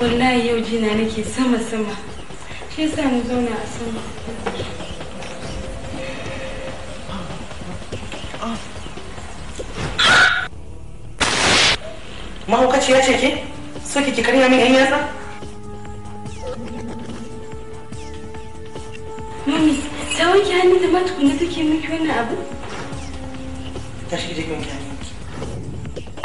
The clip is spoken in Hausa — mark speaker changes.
Speaker 1: wallahi yau jina nake sama-sama shi yasa mu zauna a sama
Speaker 2: mahaukaciya ce ke so ki karya min yan yatsa
Speaker 3: سوای کنی ما تو خونه تو که میکنه ابو
Speaker 4: تشکیل کن کنی